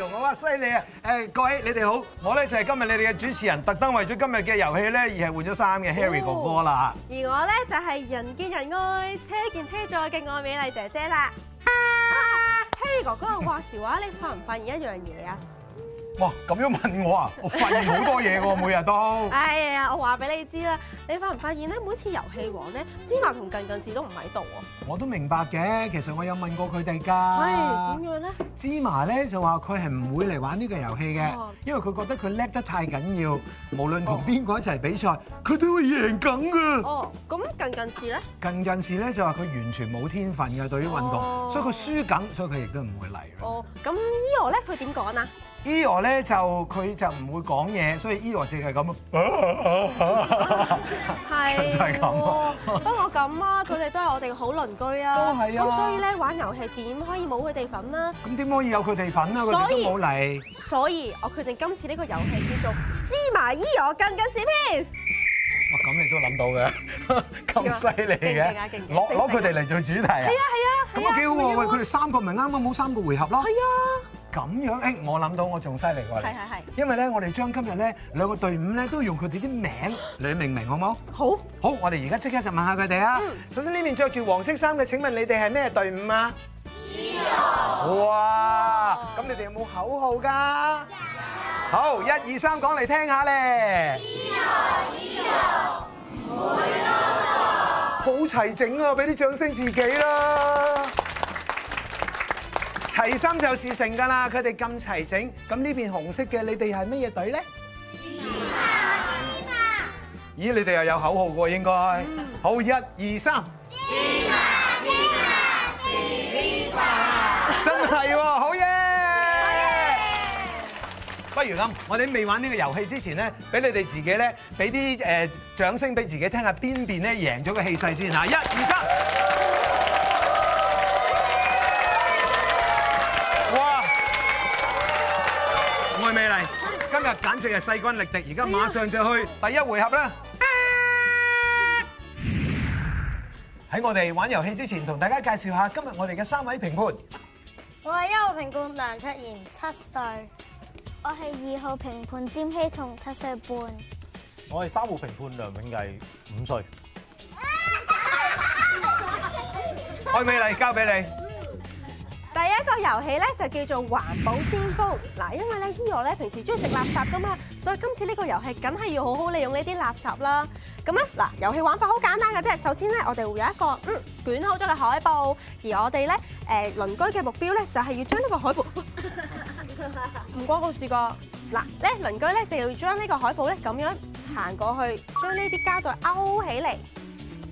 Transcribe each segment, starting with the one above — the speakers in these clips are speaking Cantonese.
啊，犀利啊！誒各位你哋好，我咧就係今日你哋嘅主持人，特登為咗今日嘅遊戲咧而係換咗衫嘅 Harry 哥哥啦、哦。而我咧就係人見人愛、車見車載嘅愛美麗姐姐啦、啊啊。Harry 哥哥話時話，你發唔發現一樣嘢啊？ 哇！咁樣問我啊，我發現好多嘢喎，每日都。哎呀，我話俾你知啦，你發唔發現咧？每次遊戲王咧，芝麻同近近氏都唔喺度喎。我都明白嘅，其實我有問過佢哋㗎。係點樣咧，芝麻咧就話佢係唔會嚟玩呢個遊戲嘅，因為佢覺得佢叻得太緊要，無論同邊個一齊比賽，佢都會贏緊㗎。哦，咁近近氏咧？近近氏咧就話佢完全冇天分嘅對於運動，所以佢輸緊，所以佢亦都唔會嚟。哦，咁 Eo 咧，佢點講啊？Eo 咧就佢就唔會講嘢，所以 Eo 淨係咁咯。係就係咁咯。不過咁啊，佢哋都係我哋好鄰居啊。都係啊。咁所以咧玩遊戲點可以冇佢哋份啊？咁點可以有佢哋份啊？佢哋都冇嚟。所以，我決定今次呢個遊戲叫做芝麻 Eo 更加少添。哇！咁你都諗到嘅，咁犀利嘅，攞攞佢哋嚟做主題啊？係啊係啊。咁啊幾好喎！喂，佢哋三個咪啱啱冇三個回合咯。係啊。咁樣我諗到我仲犀利過你。係係係。因為咧，我哋將今日咧兩個隊伍咧都用佢哋啲名你明唔明，好冇？好。好，我哋而家即刻就問下佢哋啊。首先呢邊着住黃色衫嘅，請問你哋係咩隊伍啊？Eo。E、哇！咁、e、你哋有冇口號㗎？E、好，一二三，講嚟聽下咧。Eo Eo，好齊整啊！俾啲掌聲自己啦。齊心就事成㗎啦！佢哋咁齊整，咁呢邊紅色嘅你哋係乜嘢隊咧？芝麻，芝麻。咦，你哋又有口號㗎喎，應該。好，一、二、三。芝麻，芝麻，芝麻。真係喎，好嘢！不如咁，我哋未玩呢個遊戲之前咧，俾你哋自己咧，俾啲誒掌聲俾自己聽下邊邊咧贏咗個氣勢先嚇，一、二、三。愛美麗，今日簡直係勢均力敵。而家馬上就去第一回合啦！喺我哋玩遊戲之前，同大家介紹下今日我哋嘅三位評判。我係一號評判梁卓賢，七歲。我係二號評判佔希彤，七歲半。我係三號評判梁永毅，五歲。愛美麗，交俾你。第一個遊戲咧就叫做環保先鋒嗱，因為咧伊諾咧平時中意食垃圾噶嘛，所以今次呢個遊戲梗係要好好利用呢啲垃圾啦。咁咧嗱，遊戲玩法好簡單嘅啫。首先咧，我哋會有一個嗯捲好咗嘅海報，而我哋咧誒鄰居嘅目標咧就係要將呢個海報唔關我事㗎。嗱咧，鄰居咧就要將呢個海報咧咁樣行過去，將呢啲膠袋勾起嚟，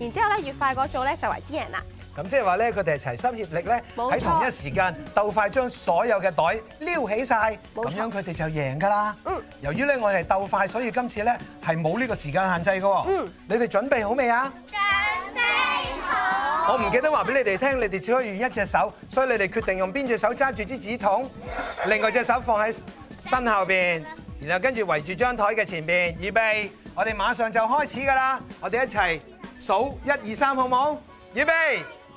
然之後咧越快個做咧就為之贏啦。咁即係話咧，佢哋一齊心協力咧，喺同一時間鬥快將所有嘅袋撩起曬，咁樣佢哋就贏㗎啦。由於咧我哋鬥快，所以今次咧係冇呢個時間限制㗎。嗯，你哋準備好未啊？準備好。我唔記得話俾你哋聽，你哋只可以用一隻手，所以你哋決定用邊隻手揸住支紙筒，另外隻手放喺身後邊，然後跟住圍住張台嘅前邊，預備。我哋馬上就開始㗎啦，我哋一齊數一二三，好冇？預備。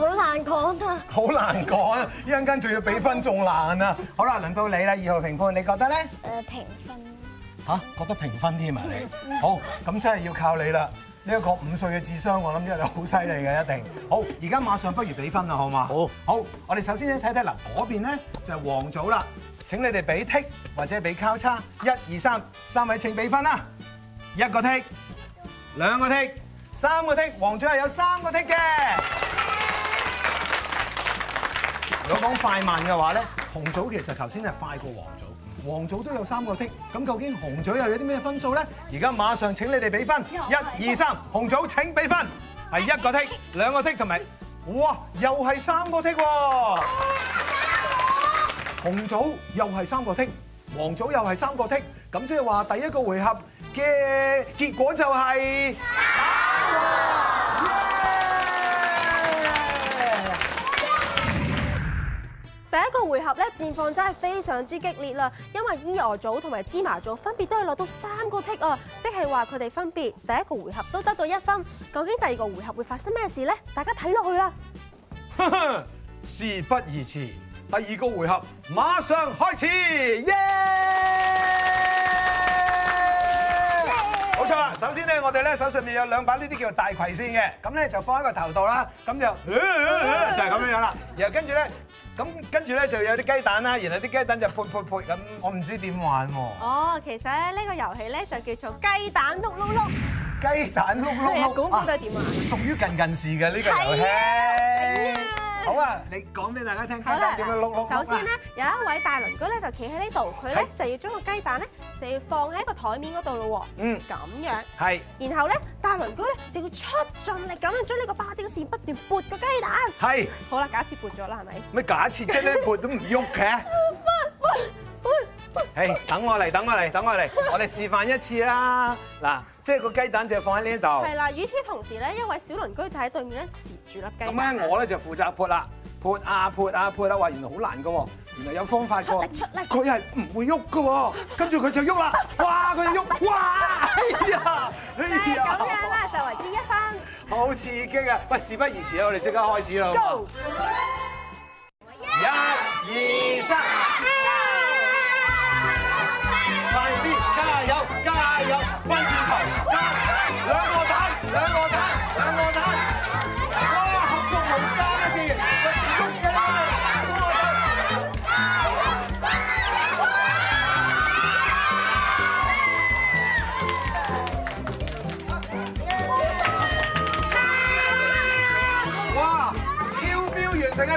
難的難難好難講啊！好難講，一陣間仲要比分仲難啊！好啦，輪到你啦，二號評判，你覺得咧？誒、呃，評分嚇、啊？覺得評分添啊！你 好咁，那真係要靠你啦！呢一個五歲嘅智商，我諗真係好犀利嘅，一定好！而家馬上不如比分啦，好嘛？好好，我哋首先睇睇嗱，嗰邊咧就係黃祖黃組啦。請你哋畀剔或者畀交叉，一、二、三，三位請比分啦。一個剔，兩個剔，三個剔，黃組係有三個剔嘅。如果講快慢嘅話咧，紅組其實頭先係快過黃組，黃組都有三個剔，咁究竟紅組又有啲咩分數咧？而家馬上請你哋俾分，一二三，紅組請俾分，係一個剔，兩個剔，同埋，哇，又係三個剔喎，紅組又係三個剔，黃組又係三個剔。咁即係話第一個回合嘅結果就係……第一個回合咧，戰況真係非常之激烈啦，因為伊俄組同埋芝麻組分別都係攞到三個剔啊，即係話佢哋分別第一個回合都得到一分。究竟第二個回合會發生咩事呢？大家睇落去啦！事不宜遲，第二個回合馬上開始，耶！首先咧，我哋咧手上面有兩把呢啲叫做大葵扇嘅，咁咧就放喺個頭度啦，咁就就係咁樣樣啦。然後跟住咧，咁跟住咧就有啲雞蛋啦，然後啲雞蛋就潑潑潑咁，我唔知點玩喎。哦，其實咧呢個遊戲咧就叫做雞蛋碌碌碌，雞蛋碌碌碌啊！咁估得點啊？屬於近近視嘅呢個遊戲。好啊，你講俾大家聽，雞蛋點樣碌碌。首先咧，有一位大鄰居咧就企喺呢度，佢咧就要將個雞蛋咧就要放喺個台面嗰度咯。嗯，咁樣。係。然後咧，大鄰居咧就要出盡力咁樣將呢個芭蕉扇不斷撥個雞蛋。係。好啦，假設撥咗啦，係咪？咪假設真係你撥都唔喐嘅。不不誒，等我嚟，等我嚟，等我嚟，我哋示範一次啦。嗱，即係個雞蛋就放喺呢度。係啦，與此同時咧，一位小鄰居就喺對面咧，截住粒雞。咁咧，我咧就負責潑啦，潑啊潑啊潑啦。哇，原來好難噶，原來有方法噶。出嚟出嚟，佢係唔會喐噶，跟住佢就喐啦。哇，佢就喐，哇，哎呀，哎呀。係咁噶啦，就為之一分。好刺激啊！喂，事不宜遲，我哋即刻開始咯。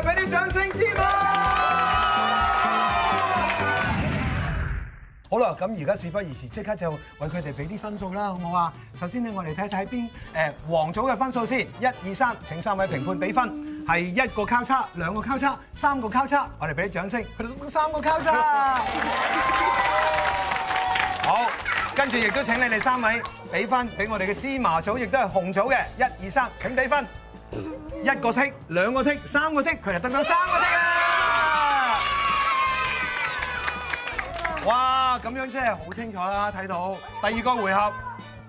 俾啲掌聲先啦！好啦，咁而家事不宜遲，即刻就為佢哋俾啲分數啦，好唔好啊？首先呢，我哋睇睇邊誒黃組嘅分數先，一二三，請三位評判俾分，係一個交叉，兩個交叉，三個交叉，我哋俾啲掌聲，佢哋三個交叉。好，跟住亦都請你哋三位俾分，俾我哋嘅芝麻組，亦都係紅組嘅，一二三，請俾分。一個剔，兩個剔，三個剔，佢就得到三個剔啊！哇，咁樣真係好清楚啦，睇到第二個回合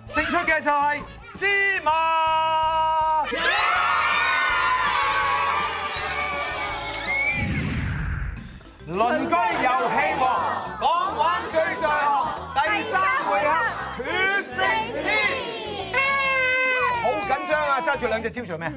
勝出嘅就係芝麻。鄰居遊戲王，講玩最在行。第三回合決勝天，好緊張啊！揸住兩隻蕉做咩？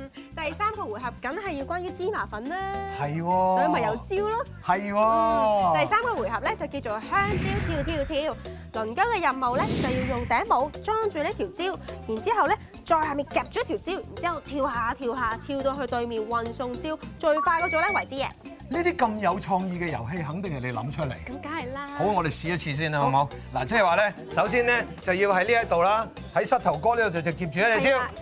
第三個回合梗係要關於芝麻粉啦，係，所以咪有蕉咯，係，第三個回合咧就叫做香蕉跳跳跳，輪家嘅任務咧就要用頂帽裝住呢條蕉，然之後咧再下面夾住一條蕉，然之後跳下跳下跳到去對面運送蕉，最快嗰組咧為之贏。呢啲咁有創意嘅遊戲肯定係你諗出嚟，咁梗係啦。好，我哋試一次先啦，好唔好？嗱，即係話咧，首先咧就要喺呢一度啦，喺膝頭哥呢度就就夾住一條蕉。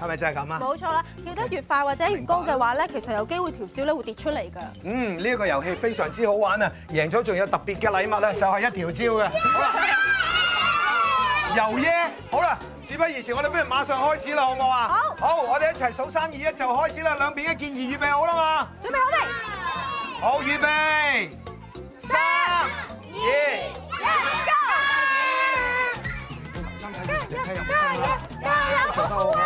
係咪就係咁啊？冇錯啦，跳得越快或者越高嘅話咧，其實有機會條蕉咧會跌出嚟噶。嗯，呢一個遊戲非常之好玩啊！贏咗仲有特別嘅禮物啊，就係一條蕉嘅。好啦，由耶！好啦，事不宜遲，我哋不如馬上開始啦，好唔好啊？好。好，我哋一齊數三二一就開始啦。兩邊嘅建議預備好啦嘛。準備好未？好，預備。三二一。一、二、一、二、一、二、一、二。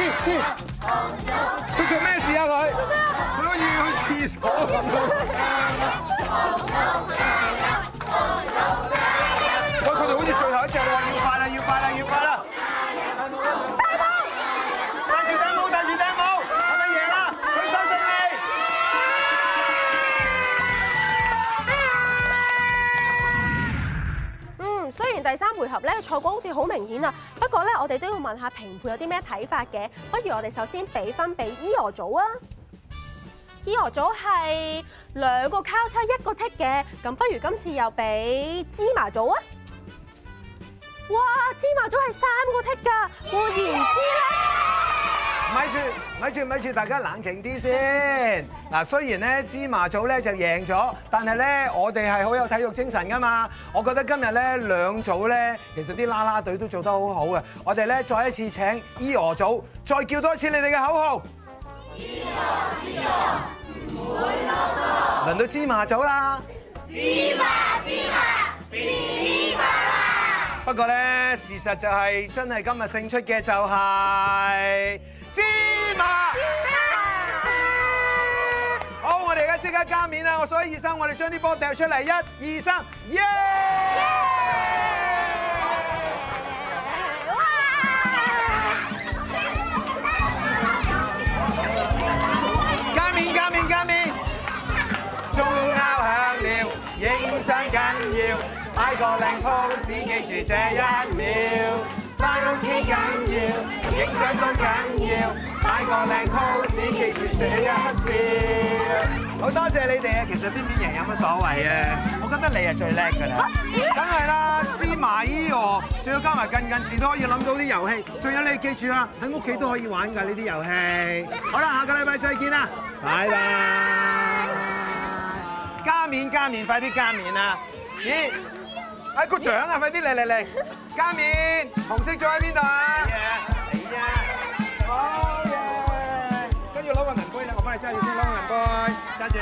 佢做咩事啊？佢，佢好似去廁所咁。喂，佢哋好似最後一隻你話，要快啦，要快啦，要快啦！大寶，戴住頂帽，戴住頂帽，係咪贏啦？佢收聲你！嗯，雖然第三回合咧，賽果好似好明顯啊。個咧，我哋都要問下評判有啲咩睇法嘅。不如我哋首先比分俾 E 羅組啊，E 羅組係兩個交叉一個剔嘅，咁不如今次又俾芝麻組啊。哇！芝麻組係三個剔 i c 㗎，換言之啦。咪住咪住咪住，大家冷靜啲先。嗱，雖然咧芝麻組咧就贏咗，但係咧我哋係好有體育精神㗎嘛。我覺得今日咧兩組咧，其實啲啦啦隊都做得好好啊。我哋咧再一次請伊娥組，再叫多一次你哋嘅口號。伊娥伊娥，唔會囉嗦。輪到芝麻組啦。芝麻芝麻，芝麻。不過咧，事實就係真係今日勝出嘅就係、是。芝麻，好，我哋而家即刻加冕啦！我數一二三，我哋將啲波掉出嚟，一、二、三，耶！加冕，加冕，加冕，鐘敲響了，影相緊要，擺個靚 pose，記住這一秒。拍落幾緊要，影相都緊要，擺個靚 pose，記住這一刻笑。好多謝你哋，其實邊邊型有乜所謂啊？我覺得你係最叻噶啦，梗係啦，芝麻衣蛾，仲要加埋近近時都可以諗到啲遊戲，仲有你記住啊，喺屋企都可以玩噶呢啲遊戲。好啦，下個禮拜再見啦，拜拜！加面加面，快啲加面啊！咦！睇個獎啊！快啲嚟嚟嚟！加面紅色獎喺邊度啊？係啊！好嘅，跟住攞個銀杯啦，我幫你揸住先，攞個銀杯，揸住！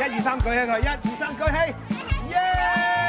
一二三，舉起佢！一二三，舉起！耶！